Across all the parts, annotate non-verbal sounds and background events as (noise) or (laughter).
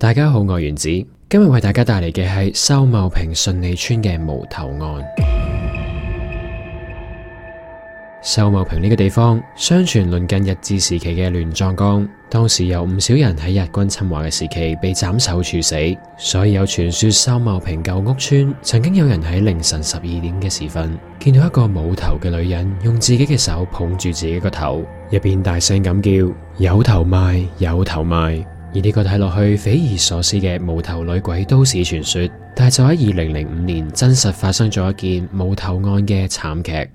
大家好，我係原子，今日為大家帶嚟嘅係秀茂坪順利村嘅無頭案。秀茂坪呢個地方相傳鄰近日治時期嘅亂葬崗，當時有唔少人喺日軍侵華嘅時期被斬首處死，所以有傳說秀茂坪舊屋村曾經有人喺凌晨十二點嘅時分，見到一個冇頭嘅女人用自己嘅手捧住自己個頭，入邊大聲咁叫：有頭賣，有頭賣。而呢個睇落去匪夷所思嘅無頭女鬼都市傳說，但係就喺二零零五年，真實發生咗一件無頭案嘅慘劇。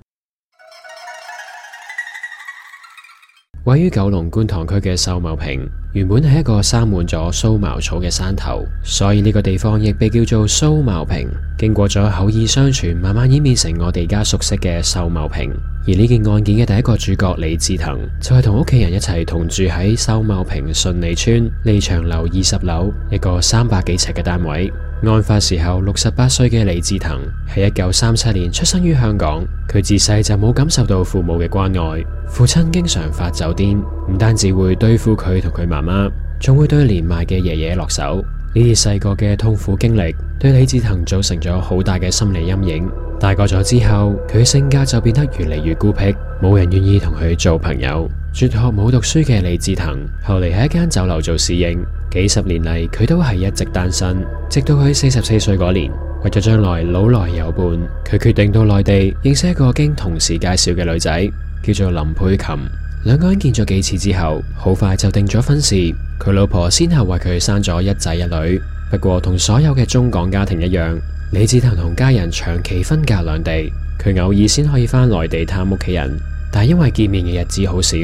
(noise) 位於九龍觀塘區嘅秀茂坪，原本係一個生滿咗蘇茅草嘅山頭，所以呢個地方亦被叫做蘇茅坪。經過咗口耳相傳，慢慢演變成我哋而家熟悉嘅秀茂坪。而呢件案件嘅第一個主角李志騰，就係同屋企人一齊同住喺秀茂坪順利村利祥樓二十樓一個三百幾尺嘅單位。案發時候，六十八歲嘅李志騰喺一九三七年出生於香港，佢自細就冇感受到父母嘅關愛，父親經常發酒癲，唔單止會對付佢同佢媽媽，仲會對年邁嘅爺爺落手。呢啲細個嘅痛苦經歷，對李志騰造成咗好大嘅心理陰影。大個咗之後，佢性格就變得越嚟越孤僻，冇人願意同佢做朋友。輟學冇讀書嘅李志騰，後嚟喺一間酒樓做侍應，幾十年嚟佢都係一直單身。直到佢四十四歲嗰年，為咗將來老來有伴，佢決定到內地認識一個經同事介紹嘅女仔，叫做林佩琴。兩個人見咗幾次之後，好快就定咗婚事。佢老婆先後為佢生咗一仔一女。不過同所有嘅中港家庭一樣，李志騰同家人長期分隔兩地，佢偶爾先可以返內地探屋企人。但係因為見面嘅日子好少，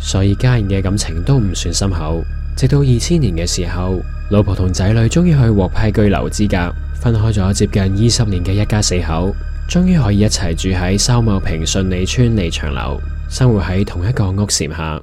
所以家人嘅感情都唔算深厚。直到二千年嘅時候，老婆同仔女終於去獲批居留資格，分開咗接近二十年嘅一家四口。終於可以一齊住喺秀茂坪順利村利祥樓，生活喺同一個屋檐下。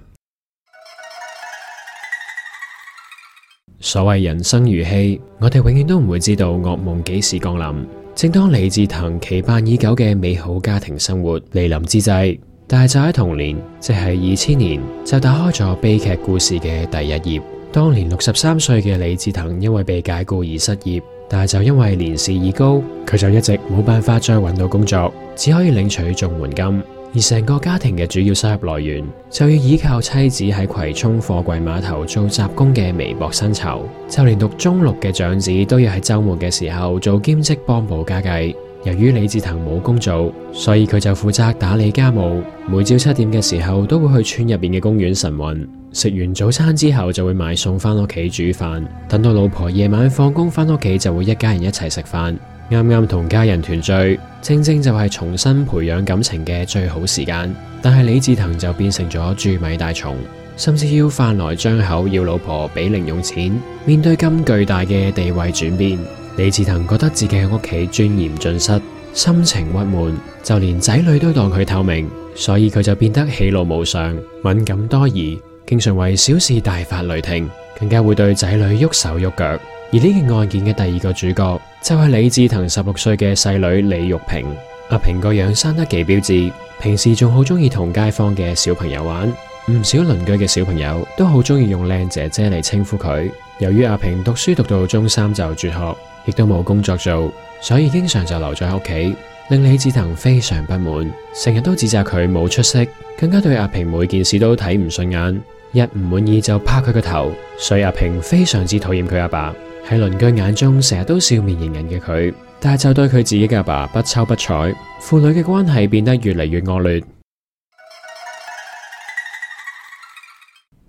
(noise) 所謂人生如戲，我哋永遠都唔會知道噩夢幾時降臨。正當李志騰期盼已久嘅美好家庭生活來臨之際，但係就喺同年，即係二千年，就打開咗悲劇故事嘅第一頁。當年六十三歲嘅李志騰因為被解雇而失業。但就因為年事已高，佢就一直冇辦法再揾到工作，只可以領取綜援金，而成個家庭嘅主要收入來源就要依靠妻子喺葵涌貨櫃碼頭做雜工嘅微薄薪酬，就連讀中六嘅長子都要喺周末嘅時候做兼職幫補家計。由於李志騰冇工做，所以佢就負責打理家務。每朝七點嘅時候都會去村入邊嘅公園晨運。食完早餐之後就會買餸翻屋企煮飯。等到老婆夜晚放工翻屋企，就會一家人一齊食飯。啱啱同家人團聚，正正就係重新培養感情嘅最好時間。但係李志騰就變成咗蛀米大蟲，甚至要飯來張口，要老婆俾零用錢。面對咁巨大嘅地位轉變，李志騰覺得自己喺屋企尊嚴盡失，心情鬱悶，就連仔女都當佢透明，所以佢就變得喜怒無常、敏感多疑，經常為小事大發雷霆，更加會對仔女喐手喐腳。而呢件案件嘅第二個主角就係、是、李志騰十六歲嘅細女李玉萍。阿萍個樣生得幾標致，平時仲好中意同街坊嘅小朋友玩，唔少鄰居嘅小朋友都好中意用靚姐姐嚟稱呼佢。由於阿平讀書讀到中三就輟學，亦都冇工作做，所以經常就留在屋企，令李子騰非常不滿，成日都指責佢冇出息，更加對阿平每件事都睇唔順眼，一唔滿意就拍佢個頭，所以阿平非常之討厭佢阿爸。喺鄰居眼中成日都笑面迎人嘅佢，但係就對佢自己嘅阿爸不瞅不睬，父女嘅關係變得越嚟越惡劣。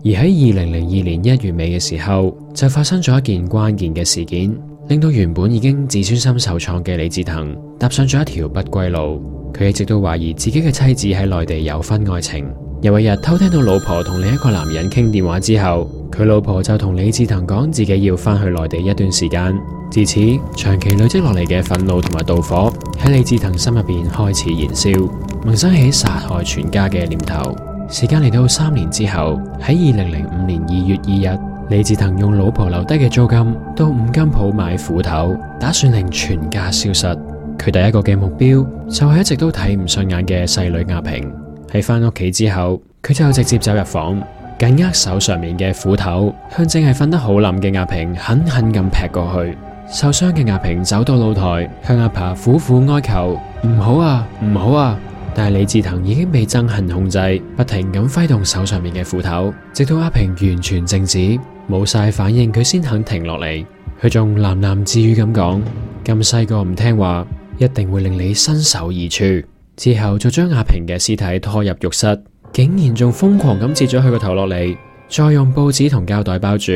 而喺二零零二年一月尾嘅時候，就發生咗一件關鍵嘅事件，令到原本已經自尊心受創嘅李志騰踏上咗一條不歸路。佢一直都懷疑自己嘅妻子喺內地有婚外情，有一日偷聽到老婆同另一個男人傾電話之後，佢老婆就同李志騰講自己要返去內地一段時間。自此，長期累積落嚟嘅憤怒同埋妒火喺李志騰心入邊開始燃燒，萌生起殺害全家嘅念頭。時間嚟到三年之後，喺二零零五年二月二日，李志騰用老婆留低嘅租金到五金鋪買斧頭，打算令全家消失。佢第一個嘅目標就係一直都睇唔順眼嘅細女阿平。喺翻屋企之後，佢就直接走入房，緊握手上面嘅斧頭，向正係瞓得好冧嘅阿平狠狠咁劈過去。受傷嘅阿平走到露台，向阿爸苦苦哀求：唔好啊，唔好啊！但係李志騰已經被憎恨控制，不停咁揮動手上面嘅斧頭，直到阿平完全靜止，冇晒反應，佢先肯停落嚟。佢仲喃喃自語咁講：咁細個唔聽話，一定會令你身首異處。之後就將阿平嘅屍體拖入浴室，竟然仲瘋狂咁切咗佢個頭落嚟，再用報紙同膠袋包住，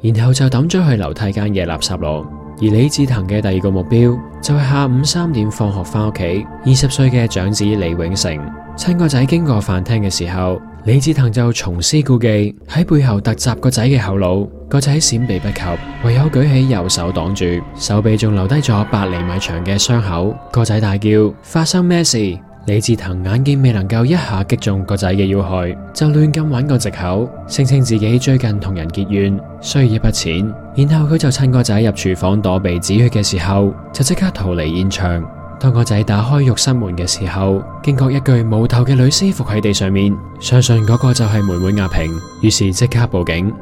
然後就抌咗去樓梯間嘅垃圾籠。而李志騰嘅第二個目標就係、是、下午三點放學翻屋企。二十歲嘅長子李永成，趁個仔經過飯廳嘅時候，李志騰就重施故技喺背後突襲個仔嘅後腦。個仔閃避不及，唯有舉起右手擋住，手臂仲留低咗八厘米長嘅傷口。個仔大叫：發生咩事？李志騰眼見未能夠一下擊中個仔嘅要害，就亂咁搵個藉口，聲稱自己最近同人結怨，需要一筆錢，然後佢就趁個仔入廚房躲避止血嘅時候，就即刻逃離現場。當個仔打開浴室門嘅時候，驚覺一具冇頭嘅女屍伏喺地上面，相信嗰個就係妹妹阿平，於是即刻報警。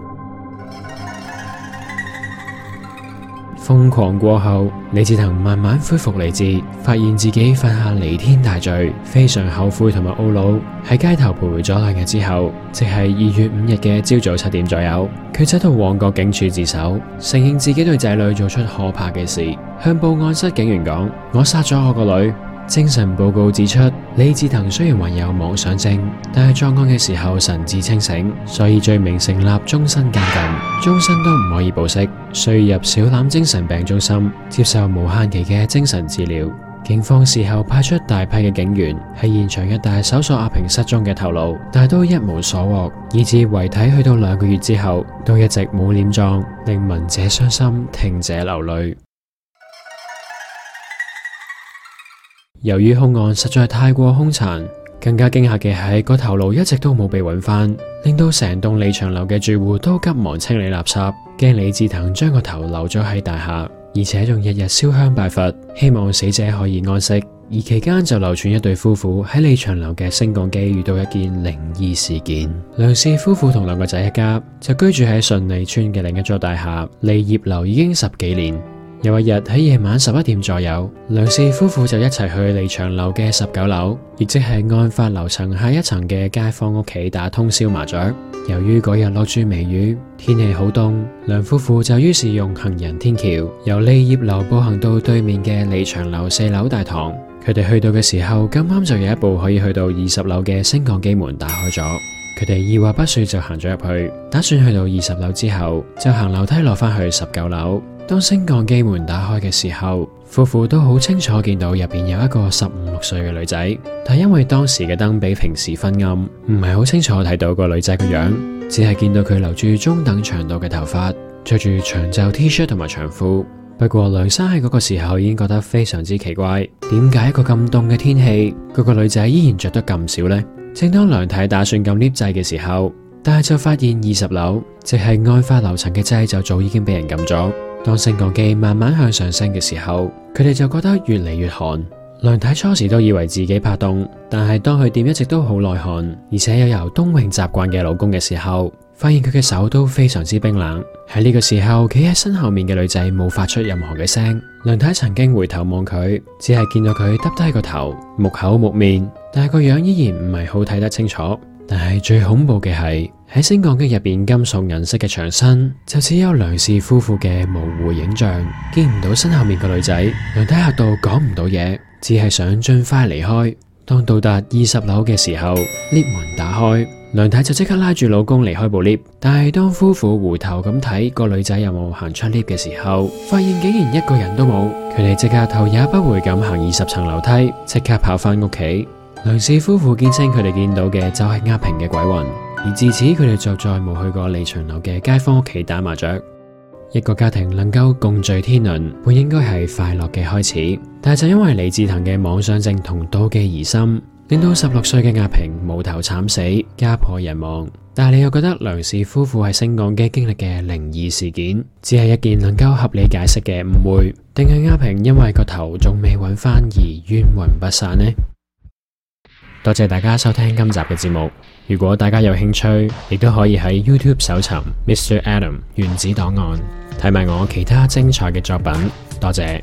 瘋狂過後，李志騰慢慢恢復理智，發現自己犯下彌天大罪，非常後悔同埋懊惱。喺街頭徘徊咗兩日之後，即係二月五日嘅朝早七點左右，佢走到旺角警署自首，承認自己對仔女做出可怕嘅事，向報案室警員講：我殺咗我個女。精神報告指出，李志騰雖然患有妄想症，但係作案嘅時候神志清醒，所以罪名成立，終身監禁，終身都唔可以保釋，需入小欖精神病中心接受無限期嘅精神治療。警方事後派出大批嘅警員喺現場一帶搜索阿平失蹤嘅頭顱，但係都一無所獲，以致遺體去到兩個月之後都一直冇殮葬，令聞者傷心，聽者流淚。由於凶案實在太過凶殘，更加驚吓嘅係個頭顱一直都冇被揾翻，令到成棟李長樓嘅住戶都急忙清理垃圾，驚李智騰將個頭留咗喺大廈，而且仲日日燒香拜佛，希望死者可以安息。而期間就流傳一對夫婦喺李長樓嘅升降機遇到一件靈異事件。梁氏夫婦同兩個仔一家就居住喺順利村嘅另一座大廈利業樓，業樓已經十幾年。有一日喺夜晚十一點左右，梁氏夫婦就一齊去利祥樓嘅十九樓，亦即係案發樓層下一層嘅街坊屋企打通宵麻雀。由於嗰日落住微雨，天氣好凍，梁夫婦就於是用行人天橋由利業樓步行到對面嘅利祥樓四樓大堂。佢哋去到嘅時候，咁啱就有一部可以去到二十樓嘅升降機門打開咗，佢哋二話不說就行咗入去，打算去到二十樓之後就行樓梯落翻去十九樓。當升降機門打開嘅時候，夫婦都好清楚見到入邊有一個十五六歲嘅女仔。但因為當時嘅燈比平時昏暗，唔係好清楚睇到個女仔嘅樣，只係見到佢留住中等長度嘅頭髮，着住長袖 T 恤同埋長褲。不過梁生喺嗰個時候已經覺得非常之奇怪，點解一個咁凍嘅天氣，嗰個女仔依然着得咁少呢？正當梁太打算撳 lift 掣嘅時候，但係就發現二十樓，即係案發樓層嘅掣就早已經俾人撳咗。當升降機慢慢向上升嘅時候，佢哋就覺得越嚟越寒。梁太初時都以為自己怕凍，但係當佢掂一直都好耐寒，而且又有冬泳習慣嘅老公嘅時候，發現佢嘅手都非常之冰冷。喺呢個時候，企喺身後面嘅女仔冇發出任何嘅聲。梁太曾經回頭望佢，只係見到佢耷低個頭，木口木面，但係個樣依然唔係好睇得清楚。但係最恐怖嘅係。喺升降機入邊，金屬銀色嘅牆身就只有梁氏夫婦嘅模糊影像，見唔到身後面個女仔。梁太吓到講唔到嘢，只係想盡快離開。當到達二十樓嘅時候，lift 門打開，梁太就即刻拉住老公離開部 lift。但係當夫婦回頭咁睇個女仔有冇行出 lift 嘅時候，發現竟然一個人都冇。佢哋即刻頭也不回咁行二十層樓梯，即刻跑翻屋企。梁氏夫婦堅稱，佢哋見到嘅就係阿平嘅鬼魂，而自此佢哋就再冇去過李祥樓嘅街坊屋企打麻雀。一個家庭能夠共聚天倫，本應該係快樂嘅開始，但係就因為李志騰嘅妄想症同妒忌疑心，令到十六歲嘅阿平無頭慘死，家破人亡。但係你又覺得梁氏夫婦係升降機經歷嘅靈異事件，只係一件能夠合理解釋嘅誤會，定係阿平因為個頭仲未揾翻而冤魂不散呢？多謝大家收聽今集嘅節目。如果大家有興趣，亦都可以喺 YouTube 搜尋 Mr. Adam 原子檔案，睇埋我其他精彩嘅作品。多謝。